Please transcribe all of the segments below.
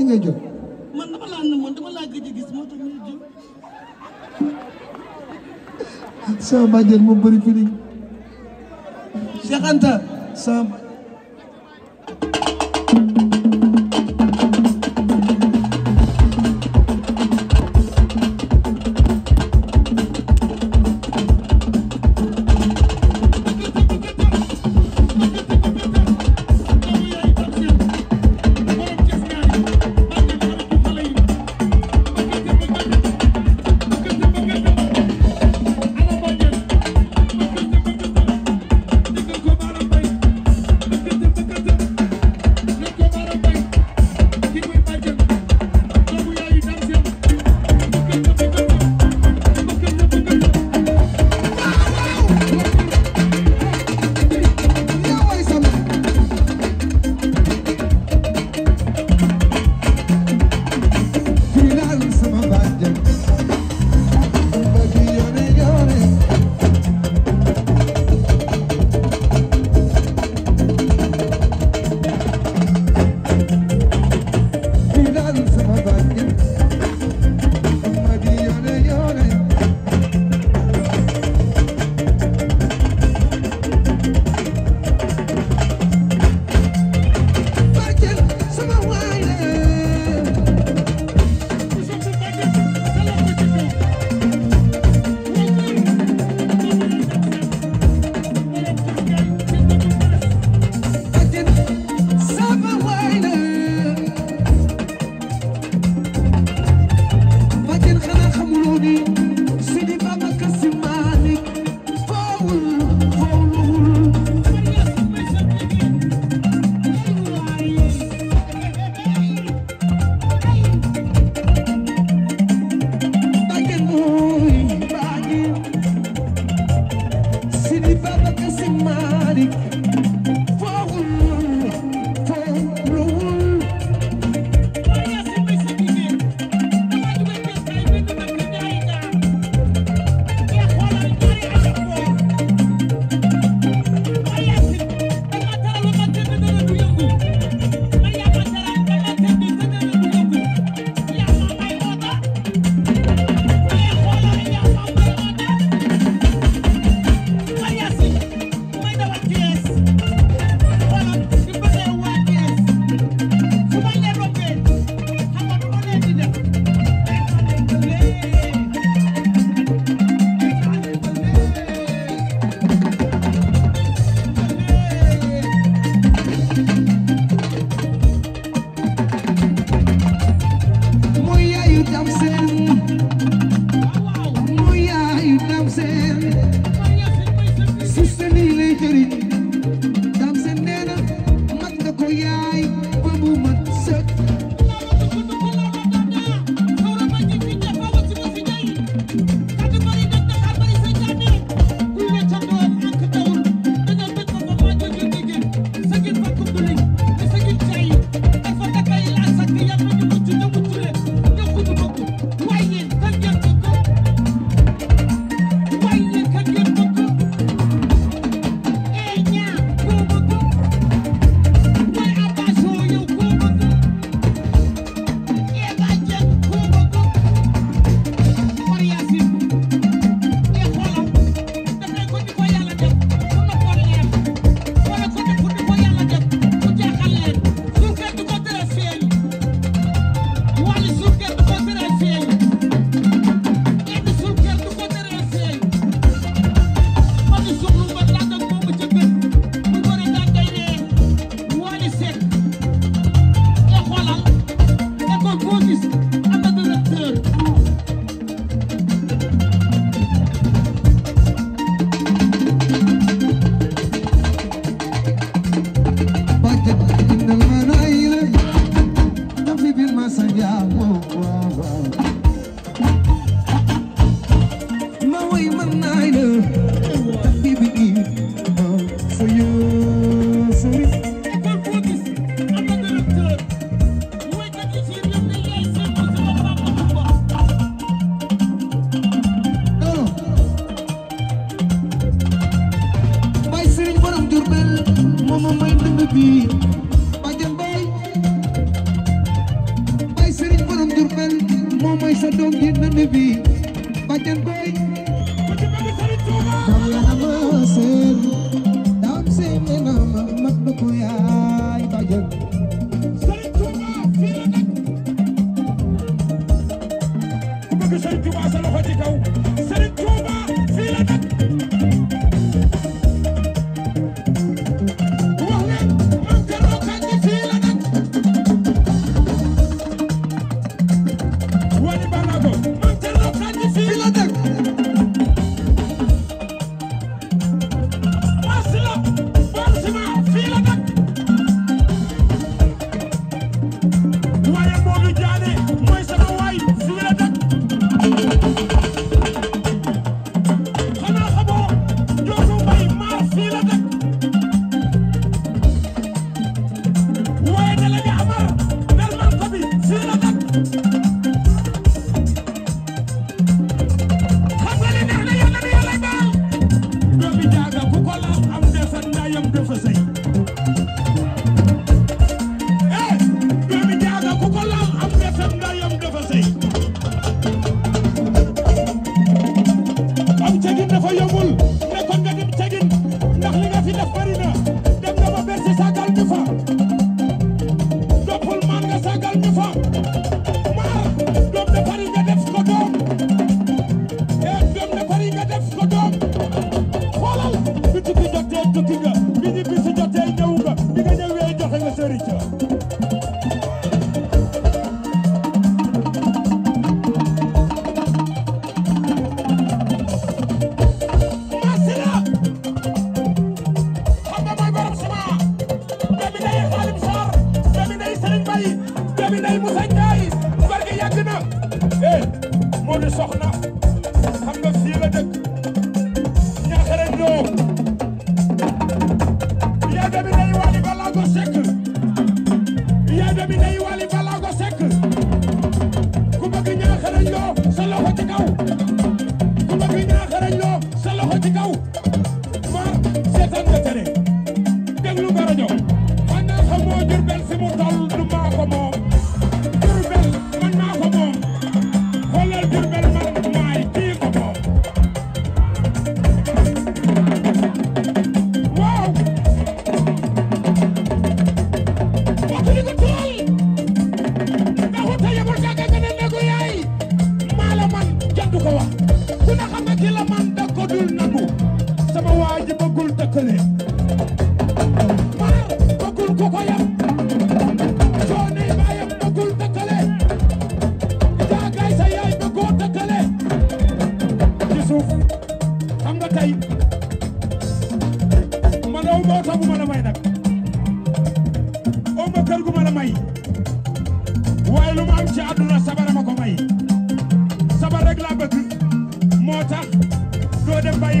ni ngay jóg. man laa ne man dama laa gëj gis moo tax ñuy jóg. sama bàjjen moom bëri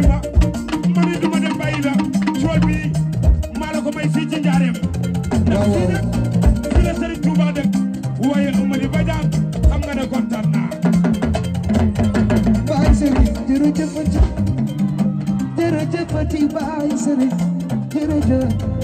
bàyyi ma ma ne du ma dem bàyyi la tool bi maa la ko may fii ci njaareem ndax fii nag fii la Serigne Touba dëkk waaye Amady Badiane xam nga ne kontaan naa Baye Serigne jërëjëf jërëjëf Baye Serigne jërëjëf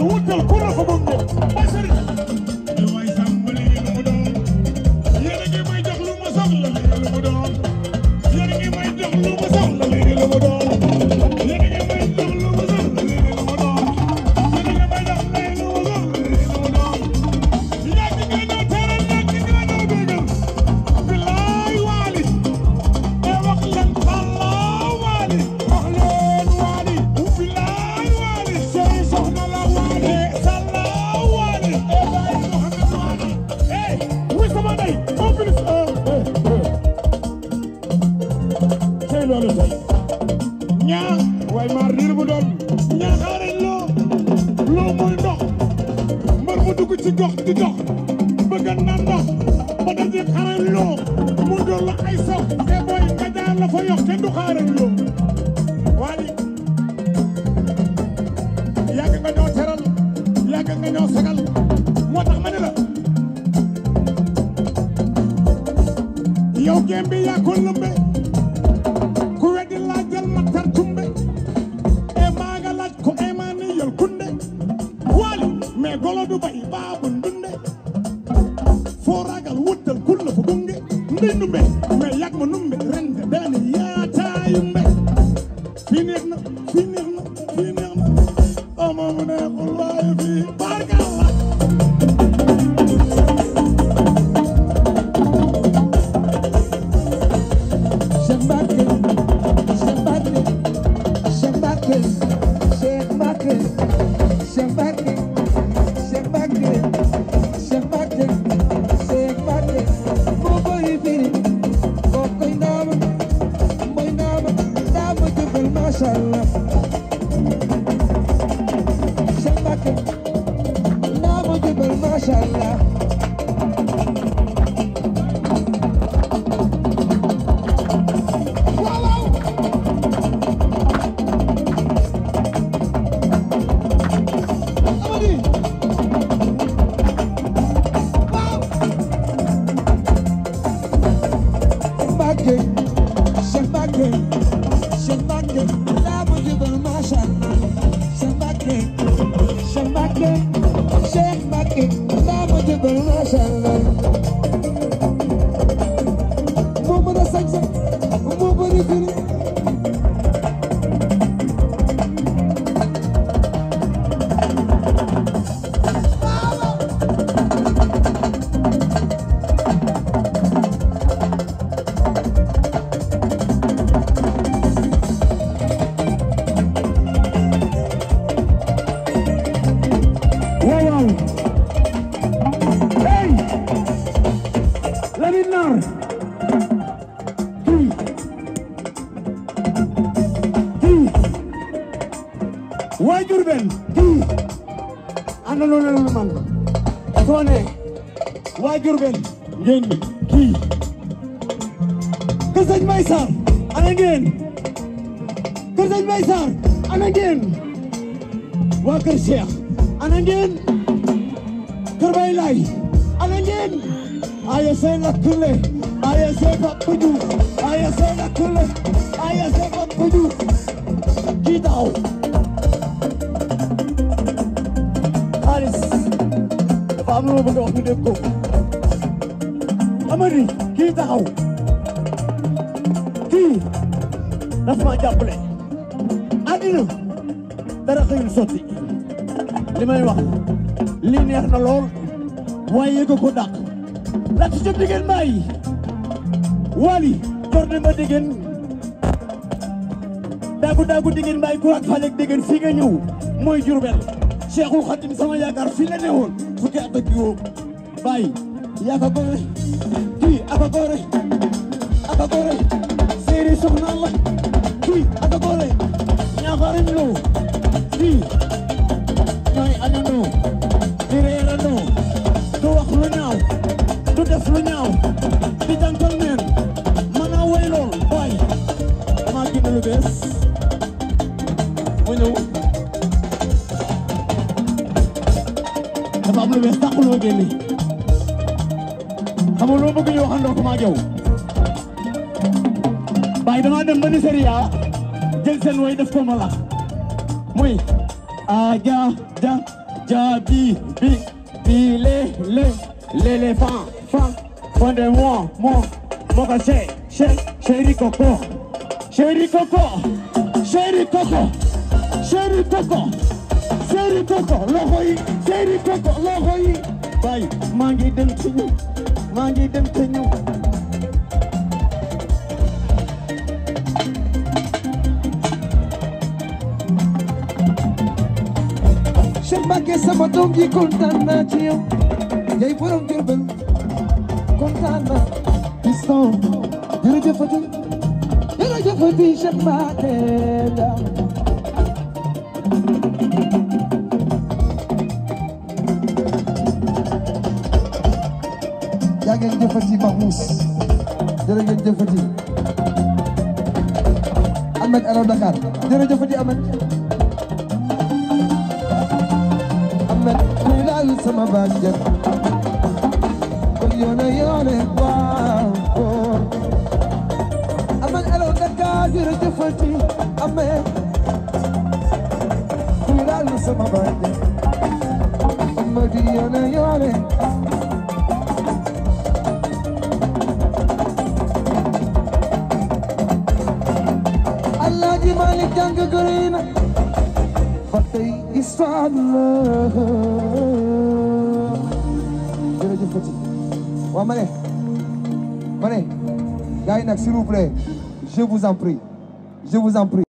wutal ku la ko loo mooy ndox mbër mu dugg ci gox di dox bëgg naan ndox ba daje xaaral loo mu doon la ay saw te booy nga jaar la fa yox te du xaaral loo waaye yàgg nga ñoo teral yàgg nga ñoo sagal moo tax ma ne la yow gem bi yaa ko lëmbe neexul waaye fii barke la na lu ne lu man soo ne waa Jurbel ngeen kii kër sëñ Mbay Sarr ana ngeen waa kër Cheikh ana ngeen kër Bay Laay ana ngeen aya see lakkule aya see Papa Diouf aya see lakkule aya kii daaw xaalis dafa am lu ma bëgg a wax ñu dégg ko Amady kii taxaw kii dafa ma jàppale àddina dara xëyul sotti li may wax lii neex na lool waaye yëg ko dàq Lat Diop Déguéne Mbaye Wally Torné Mba Déguéne daagu daagu Déguéne Mbaye ku ak Falek Déguéne fii nga ñëw mooy Jurbel Seexul Xadim sama yaakaar fii la ne woon fukki a ak juróom bàyyi yaa ko gore kii aka gore aka gore séeréer a la kii aka gore ñaaxarim loo kii way def ko mala mooy a ja ja ja bi bi bi le le l'éléphant fan fan de moi moi mo ka che che chéri coco chéri coco chéri coco chéri coco chéri coco loxo yi chéri coco loxo yi bay maa ngi dem ci ñu maa ngi dem ci ñu Mbàkke sama doom ji kontaan naa ci yow yaay borom Jurbel kontaan naa piston jërëjëfati jërëjëfati Cheikh Mbàkke yaa ngeen jëfati Mahmous jërë ngeen jëfati Ahmed Araw Dakar jërëjëfati Ahmed sama bàjjen kon yoone yoone waaw góor amal elo Dakar jërëjëfati amee kuy laal sama bàjjen amma di yoone yoone Alaaji Malik jàng gërëy na ba tey histoire la waaw oh, ma ne ma ne gars yi nag s'il vous plaît je vous en prie je vous en prie